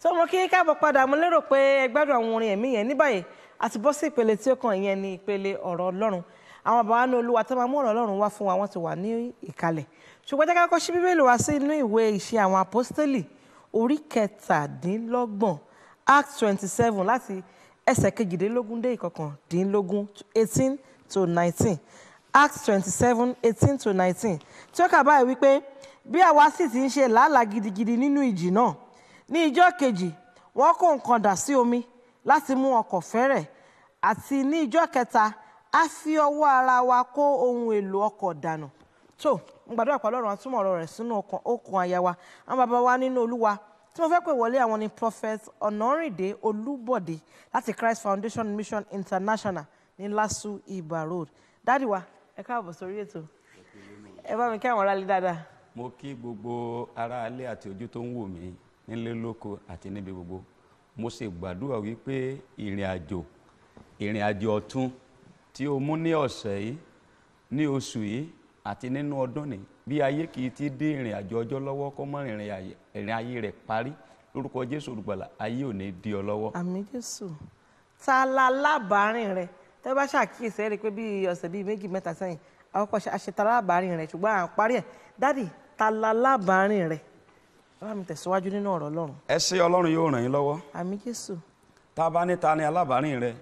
tó mo kí káàbọ̀ padà mo lérò pé ẹ gbádùn àwọn orin ẹ̀mí yẹn ní báyìí àti bọ́ sí ìpele tí ó kàn yẹn ní ìpele ọ̀rọ̀ ọlọ́run àwọn bàbá ní olúwa tó máa mú ọ̀rọ̀ ọlọ́run wá fún wa wọ́n ti wà ní ìkàlẹ̀ ṣùgbọ́n jẹ́ ká kọ́kọ́ ṣí bíbélì wá sí inú ìwé ìṣe àwọn apọ́stélì orí kẹtàdínlọ́gbọ̀n act twenty seven láti ẹsẹ̀ kejìdínlógún dé ìkọkàndínlógún eighteen to nineteen act twenty seven eighteen to nineteen tí ó kà báyìí wípé bí àwa sì ti ń ṣe làálàá gidigidi nínú ìjì náà ní ìjọ́ kejì wọ́n kó nǹkan dà sí omi láti mú ọkọ̀ fẹ́rẹ̀ àti ní ìjọ́ kẹta a fi ọwọ́ ara wa kó ohun èlò ọkọ̀ dànù tó ń gbàdúrà pẹ̀lú ọ̀rọ̀ àtúmọ̀ ọ̀rọ̀ rẹ̀ sínú okùn àyà wa àwọn bàbá wa nínú olúwa tí mo fẹ́ pè wọlé àwọn ni prophet ọ̀nàrìndé olúbọ̀dé láti christ foundation mission international ní lasu iba road dáàdì wa ẹ káàbọ̀ sórí ètò ẹ bá mi kí àwọn aráalé dáadáa. mo kí gbogbo aráalé àti ojú tó ń wò mí nílé lóko àti níbi gbogbo mo sì gbàdúrà wípé ìrìn àjò ìrìn àjò ọ̀tun tí o mú ní ọ̀sẹ̀ yìí ní oṣù yìí àti nínú ọdún ni bí ayé kì í ti dé ìrìn àjò ọjọ́ lọ́wọ́ kó mọ́ ìrìn ayé rẹ̀ parí lórúkọ Jésù olùgbàlà ayé ò ní di ọ lọ́wọ́. àmín Jésù ta la lábàárín rẹ tẹ bá ṣàkíyèsí ẹ rí i pé bíi ọ̀sẹ̀ bíi méjì mẹ́ta sẹ́yìn àwọn kan ṣe ta lábàárín rẹ ṣùgbọ́n à ń parí ẹ̀ dádì ta la lábàárín rẹ ọlọ́run tẹ̀síwájú nínú ọ̀rọ̀ ọlọ́run. ẹ ṣé ọlọ́run yóò ràn yín lọ́wọ́. àmín jésù. tá a bá ní ta ni alábàárìn rẹ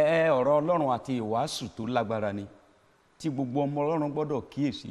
ẹ ẹ ọ̀rọ̀ ọlọ́run àti ìwàásù tó lágbára ni tí gbogbo ọmọ ọlọ́run gbọ́dọ̀ kíyèsí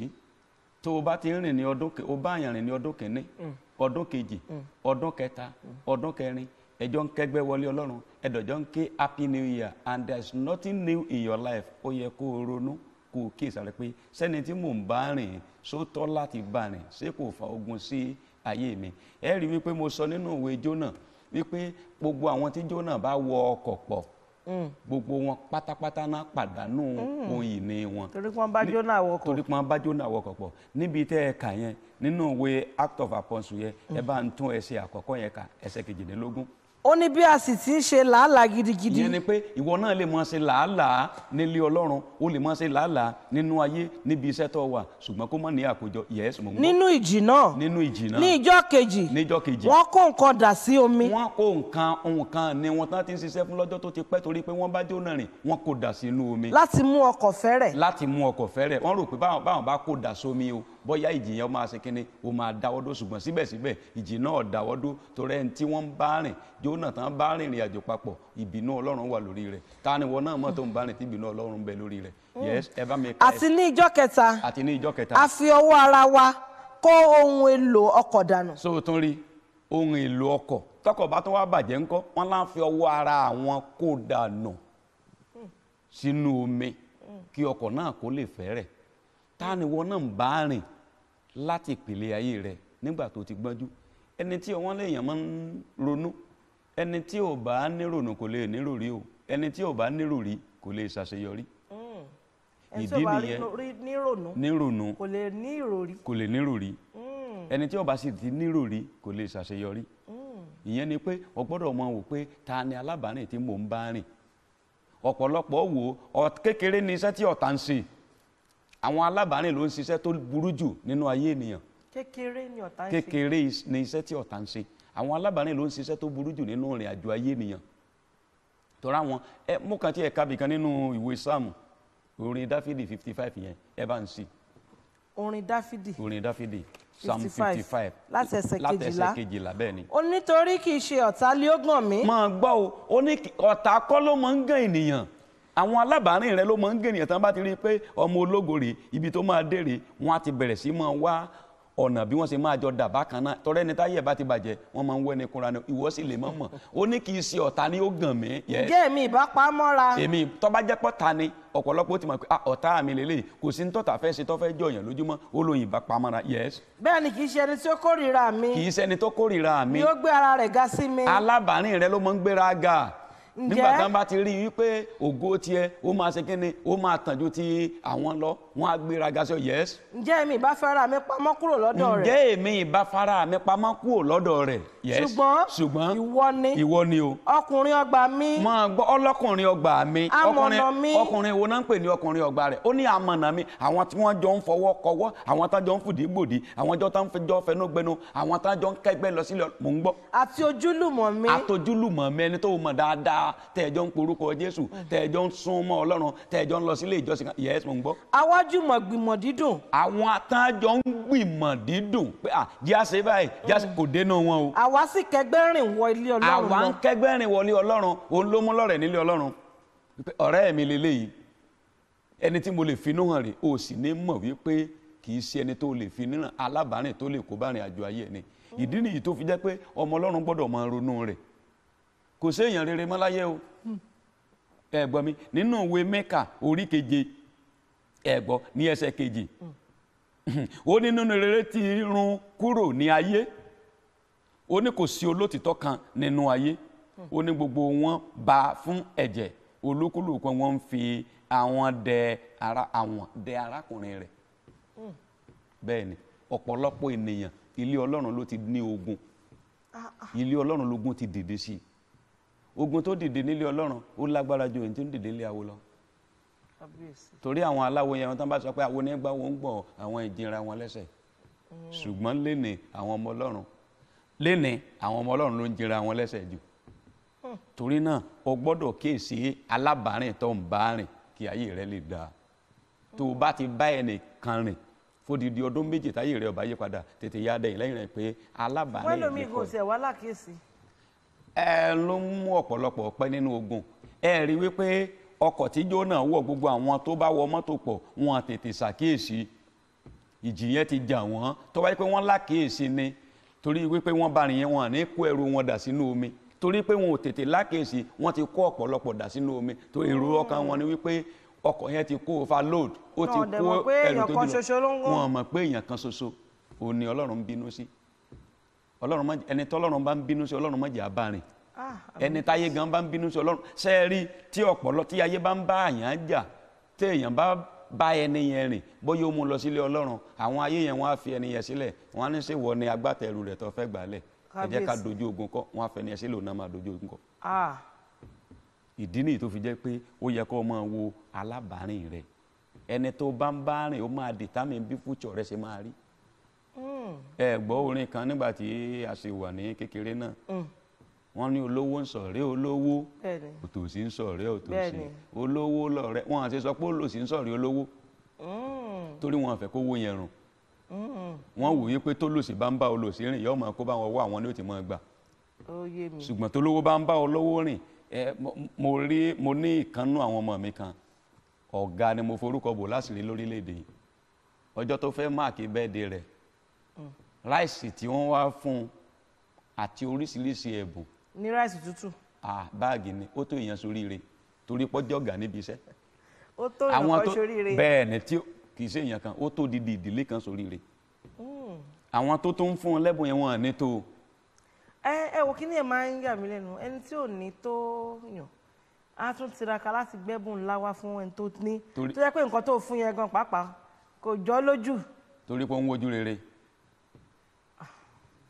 tó o bá ti rìn ní ọdún o bá àyàn rìn ní ọdún kìíní mm. ọdún kejì mm. ọdún kẹta mm. ọdún kẹrin ẹjọ ń kẹgbẹ́ wọlé ọlọ́run ẹdọjọ ń ké happy new year and there is nothing new in your life ó yẹ kó o ronú. No? kó o kíyèsí rẹ pé sẹ́ni tí mò ń bá rìn sótọ́ láti bá rìn ṣé kò fa ogun sí ayé mi ẹ rí wípé mo sọ nínú ìwé Jónà wípé gbogbo àwọn tí Jónà bá wọ ọkọ̀ pọ̀ hmm. gbogbo wọn pátápátá náà pàdánù hmm. ohun ìní wọn. torí pé wọ́n bá Jónà wọkọ̀. torí pé wọ́n bá Jónà wọkọ̀ pọ̀ níbi tẹ́ ẹ kà yẹn nínú ìwé Act of Apostles yẹn hmm. ẹ bá ń tún ẹsẹ̀ àkọ́kọ́ yẹn kà ẹsẹ̀ kejìdínlógún ó ní bí a sì ti ń ṣe làálàá gidigidi. ìyẹn ni pé ìwọ náà lè máa ṣe làálàá nílé ọlọ́run ó lè máa ṣe làálàá nínú ayé níbi iṣẹ́ tó wà ṣùgbọ́n kó má ní àkójọ yes mo mọ̀. nínú ìjì náà nínú ìjì náà ní ìjọ kejì níjọ kejì wọ́n kó nǹkan dà sí omi. wọ́n kó nǹkan nǹkan ni wọ́n tán ti ń ṣiṣẹ́ fún lọ́jọ́ tó ti pẹ́ torí pé wọ́n bá jóná rìn wọ́n kó dà sínú omi. láti mú ọkọ̀ fẹ́rẹ̀. láti mú ọkọ̀ fẹ́rẹ̀ wọ́n rò pé báwọn bóyá ìjì yẹn máa ṣe kínní ó máa dáwọ́ dó ṣùgbọ́n síbẹ̀síbẹ̀ ìjì náà dáwọ́ dó torí ẹni tí wọ́n bá rìn Jónátánì bá rìn ìrìn àjò papọ̀ ìbínú Ọlọ́run wà lórí rẹ̀ ta ni wọn náà mọ̀ tó ń bá rìn tí ìbínú Ọlọ́run ń bẹ lórí rẹ̀. Mm. àti ní ìjọ́ kẹta àti ní ìjọ́ kẹta a fi ọwọ́ ara wa kó ohun èlò ọkọ̀ dànù. so tún rí ohun èlò ọkọ̀ tọkọ̀ bá tún wá bàjẹ́ ńkọ́ wọ́n lá ń fi ọwọ́ ara àwọn kó dànù mm. sínú omi mm. kí ọkọ̀ náà kó lè fẹ́rẹ̀ẹ́ ta ni wọn náà ń bá rìn láti ìpìlẹ̀ ayé rẹ̀ nígbà tó ti gbọ́njú ẹni tí wọ́n léèyàn máa ń ronú ẹni tí ò bá nírònú kò lè níròrí o ẹni tí ò bá níròrí kò lè ṣàṣeyọrí hmm. ìdí nìyẹn nírònú kò lè níròrí kò lè níròrí hmm. ẹni tí ò bá sì ti níròrí kò lè ṣàṣeyọrí hmm. ìyẹn ni pé o gbọ́dọ̀ mọ̀ wò pé ta ni alábàárìn tí mò ń bá rìn ọ̀pọ̀lọpọ̀ wò kékeré ni iṣẹ́ tí ọ̀tá ń ṣe àwọn alábàárìn ló ń ṣiṣẹ́ tó burú jù nínú ayé ènìyàn kékeré ni ọ̀tá ń ṣe kékeré ni iṣẹ́ tí ọ̀tá ń ṣe àwọn alábàárìn ló ń ṣiṣẹ́ tó burú jù nínú ìrìn àjò ayé ènìyàn tọ́ra wọn ẹ mú kan tí ẹ kábì kan nínú ìwé sáàmù orin dáfídì fifty five yẹn ẹ bá ń sí. orin dáfídì orin dáfídì psalm fifty five láti ẹsẹ̀ kejìlá láti ẹsẹ̀ kejìlá bẹ́ẹ̀ ni. ó nítorí kì í ṣe ọ̀tá lé ó gàn mí. máa gbọ́ o ó ọ̀tá kọ́ ló máa ń gàn ènìyàn àwọn alábàárìn rẹ ló máa ń gènìyàn tán bá ti rí i pé ọmọ ológo rèé ibi tó máa dé rèé wọn á ti bẹ̀rẹ̀ sí máa wá ọ̀nà bí wọ́n ṣe máa jọ dà bákan náà tọrẹ ẹni táyé bá ti bàjẹ́ wọ́n máa ń wẹ́ni kúnra ni ìwọ sì lè mọ̀ mọ̀ ó ní kì í ṣe ọ̀tá ni ó gàn mí. ǹjẹ́ èmi ìbá pa á mọ́ra. èmi tó bá jẹ́ pọ́ta ni ọ̀pọ̀lọpọ̀ ti mọ̀ pé ọ̀tá mi lélẹ̀ kò sí ní tọ́ta fẹ́ ṣe tó fẹ́ jọyàn lójúmọ́ ó lóyìn ìbá mọ́ra. bẹ́ẹ̀ ni kì í ṣe ẹni tó kórìíra mi. kì í ṣe ẹni tó kórìíra mi nígbà tán bá ti rí i wípé ògo tiẹ̀ ó máa ṣe kíni ó máa tàn ju ti àwọn lọ wọn á gbéra gaṣọ yẹs. ǹjẹ́ èmi ìbá mi pamọ́ kúrò lọ́dọ̀ rẹ̀. ǹjẹ́ èmi ìbá mi pamọ́ kúrò lọ́dọ̀ rẹ̀ ṣùgbọ́n ṣùgbọ́n ìwọ ni ìwọ ni o. ọkùnrin ọgbà mi. máa gbọ́ ọlọ́kùnrin ọgbà mi. amọ̀nà mi ọkùnrin wo náà ń pè ní ọkùnrin ọgbà rẹ̀ ó ní amọ̀nà mi àwọn tí wọ́n jọ ń fọwọ́ kọwọ́ àwọn tá jọ ń fìdí gbòdì àwọn jọ tá ń jọ fẹnugbẹnu àwọn tá jọ ń kẹgbẹ́ lọ sílẹ̀ mò ń gbọ́. àti ojúlùmọ̀ mi. àtojúlùmọ̀ mi ẹni tó mọ̀ dáadáa tẹ́ jọ ń porúkọ Jésù tẹ́ jọ ń súnmọ́ Ọlọ́run tẹ́ jọ ń lọ sílé ìjọsìn kan yes mò ń gbọ́. awájúmọ̀ gbìmọ̀ dídùn. àwọn tá jọ ń gbìmọ̀ dídùn pé à jíà ṣe báyìí jíà ṣe kò dénú àwa sì kẹgbẹ́ rìn wọ ilé ọlọ́run àwa ń kẹgbẹ́ rìn wọlé ọlọ́run òun ló mú lọ́rẹ̀ nílé ọlọ́run ọ̀rẹ́ mi lélẹ́yìí ẹni tí mo lè finú hàn rè o sì ní mọ̀ wípé kì í ṣe ẹni tó lè finú hàn alábàárìn tó lè kó bá rìn àjò ayé ẹni ìdí nìyí tó fi jẹ́ pé ọmọ ọlọ́run gbọ́dọ̀ máa ronú rẹ̀ kò séèyàn rere mọ́ láyé o ẹ gbọ́ mi nínú ìwé mẹ́kà orí keje ẹ gbọ́ ní ẹsẹ̀ keje ó ní nínú rere ti run kúrò ní ayé ó ní kò sí olótìtọ́ kan nínú ayé ó ní gbogbo wọn bá fún ẹ̀jẹ̀ olúkúlùkù wọn ń fi àwọn dẹ ara àwọn dẹ arákùnrin rẹ̀ bẹ́ẹ̀ ni ọ̀pọ̀lọpọ̀ ènìyàn ilé ọlọ́run ló ti ní ogun ilé ọlọ́run lógun ti dìde sí i ogun tó dìde nílé ọlọ́run ó lágbára ju èyí tó ń dìde nílé awo lọ torí àwọn aláwo yẹn wọn tán bá sọ pé àwọn onígbà wọn ń gbọ́ àwọn ìjìnra wọn lẹ́sẹ̀ mm. ṣùgbọ́n lénìí àwọn ọmọ ọlọ́run léni àwọn ọmọ ọlọ́run ló ń jẹra wọn lẹ́sẹ̀ jù torí náà o gbọ́dọ̀ kíyèsí alábàárìn tó ń bá rìn kí ayé rẹ lè dáa tó o bá ti bá ẹnìkan rìn fódìdí ọdún méjì táyé rẹ ọba yí padà tètè yá dẹyìn lẹ́yìn rẹ pé alábàárìn rẹ kọ. wọ́n lómi ìgò ṣẹ̀ wá lákèsí. ẹ ló ń mú ọ̀pọ̀lọpọ̀ ọpẹ́ nínú ogun ẹ rí wípé ọkọ̀ tíjó náà wọ̀ gbogbo àwọn tó bá wọ mọ́tò pọ̀ wọn tètè ṣàkíyèsí ìjì yẹn ti jà wọ́n tó wáyé pé wọ́n lákèsí ni torí wípé wọ́n bá rìn yẹn wọn à ní kó ẹrù wọn dà sínú omi torí pé wọn ò tètè lákèsí wọ́n ti kó ọ̀pọ̀lọpọ̀ dà sínú omi tó èrò ọkàn wọn ni wípé ọkọ̀ yẹn ti kó overload ó ti kó ẹrù tó dùn wọn mọ̀ pé èèyàn kan ṣoṣo òun ni ọlọ́run ń bínú sí ọlọ́run má ẹni tọ́lọ́run bá ń bínú sí ọlọ́run má jẹ́ abárìn ah, ẹni táyé gan bá ń bínú sí ọlọ́run ṣe é rí tí ọ̀pọ̀lọ tí ayé bá ń bá àyàn jà téèyàn bá bá ẹni yẹn rìn bóyá ó mú lọ sílé ọlọ́run àwọn ayé yẹn wọ́n á fi ẹni yẹn sílẹ̀ wọ́n á ní ṣe wọ ni agbátẹrù rẹ̀ tó fẹ́ gbàálẹ̀ ẹ jẹ́ ká dojú ogun kọ́ wọ́n á fẹ́ ni ẹ sílẹ̀ òun náà máa dojú ogun kọ́. ìdí nìyí tó fi jẹ́ pé ó yẹ kó máa wo alábàárìn rẹ̀ ẹni tó bá ń bá rìn ó máa determine bí future rẹ̀ ṣe máa rí. Hmm. ẹ gbọ́ orin kan nígbà tí a ṣe wà ní kékeré náà hmm wọ́n ní olówó ń ṣọ̀rẹ́ olówó òtòṣì ń ṣọ̀rẹ́ òtòṣì olówó lọ̀rẹ́ wọn àti sọ pé olòṣì ń ṣọ̀rẹ́ olówó mm. torí wọn fẹ́ kówó yẹn rùn mm. wọ́n wòye pé tólòṣì bá ń bá olòṣì rìn yóò máa kó bá wọn wá àwọn ní ó máa gbà ṣùgbọ́n tólówó bá ń bá olówó rìn mo rí mo ní ìkànnú àwọn ọmọ mi kan ọ̀gá ni mo forúkọ bò láṣìírí lórílẹ̀‐èdè ọjọ́ tó fẹ́ máàkì bẹ́ẹ̀dẹ̀ rẹ̀ mm. ráìsì tí wọ́n wá fún un àti oríṣiríṣi ẹ̀bùn ní ráìsì tútù. ah báàgì ni ó tó èèyàn soríire torí pọ́jọ́ ọ̀gá níbi iṣẹ́. ó tó èèyàn kan soríire. bẹ́ẹ̀ ni tí kì í ṣe èèyàn kan ó tó didi ìdílé kan soríire. Hmm. àwọn tó tó ń fún un lẹ́bùn yẹn wọn à ní tó. ẹ ẹ wo kí ni ẹ máa ń yà mí lẹ́nu ẹni tí ò ní tó yàn á tún tiraka láti gbẹ́bùn ńlá wá fún ẹni tó ní tó yẹ pé nǹkan tó fún yẹn gan pàápàá kò jọ lójú. torí pé ó ń wojú rere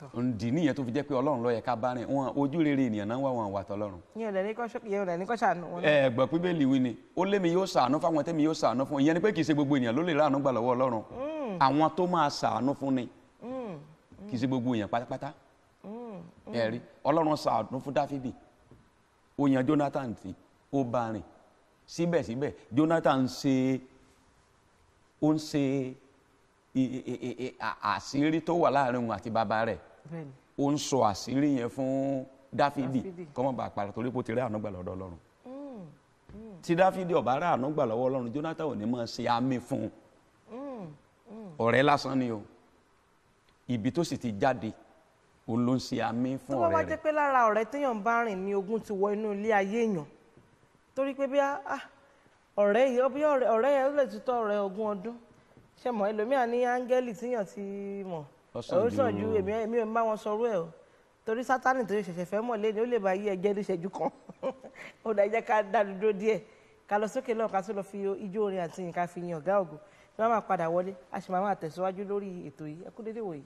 ǹdí nìyẹn tó fi jẹ́ pé ọlọ́run ló yẹ ká bá rìn wọn ojú rere ènìyàn náà wà wọn wà tọlọ́run. yẹn ò dẹ̀ ní kọ́ yẹn ò dẹ̀ ní kọ́ ṣàánú ẹ gbọ́ pé bẹ́ẹ̀ liwi ni ó lé mi yóò ṣàánú fáwọn tẹ́mi yóò ṣàánú fún ìyẹn ni pé kì í ṣe gbogbo ènìyàn ló lè ráàánú gbà lọ́wọ́ ọlọ́run mm. àwọn tó máa ṣàánú fún ni mm. kì í ṣe gbogbo èèyàn pátápátá mm. ẹ rí ọlọ́run ṣàánú fún dáfídì ó yan jonathan tí ó bá rìn síbẹ̀síbẹ̀ jonathan ń ṣe ó ń ṣe àṣírí tó wà láàrin òun àti bàbá rẹ̀ ó ń sọ àṣírí yẹn fún dáfídì kọ́mọ̀ bá parọ́ torí pé ó ti rí ànúgbà lọ́dọ̀ ọlọ́run mm, mm. tí dáfídì ọ̀bá rà ànúgbà lọ́wọ́ ọlọ́run jonathan ò ní mọ̀ ṣe àmì fún un mm, ọ̀rẹ́ lásán ni o ibi tó sì ti jáde ó ló ń ṣe àmì fún ọ̀rẹ́ rẹ̀ tó bá wá jẹ́ pé lára ọ̀rẹ́ téèyàn bá rìn ní ogun ti wọ inú ilé ayé èèyàn torí pé bí ọ̀rẹ́ yìí ọ̀rẹ́ yẹn ó lè tutọ́ ọ̀rẹ́ ogún ọdún ṣe mọ̀ ẹlòmíà ní áńgẹ́lì tíyàn ti mọ̀ ó sàn ju èmi èmi ò ń bá wọn sọ̀rọ̀ ẹ o torí sátani tó ṣẹ̀ṣẹ̀ fẹ́ mọ̀ lẹ́ni ó lè bá yí ẹjẹ́ ní ìṣẹ́jú kan ó dá jẹ́ ká dánu dúró díẹ̀ ká lọ sókè náà ká tó lọ fi ijó orin àti nǹkan fi yan ọ̀gá ògùn tí wọ́n máa padà wọlé a sì máa máa tẹ̀síwájú lórí ètò yìí ẹ kú dédé wòyí.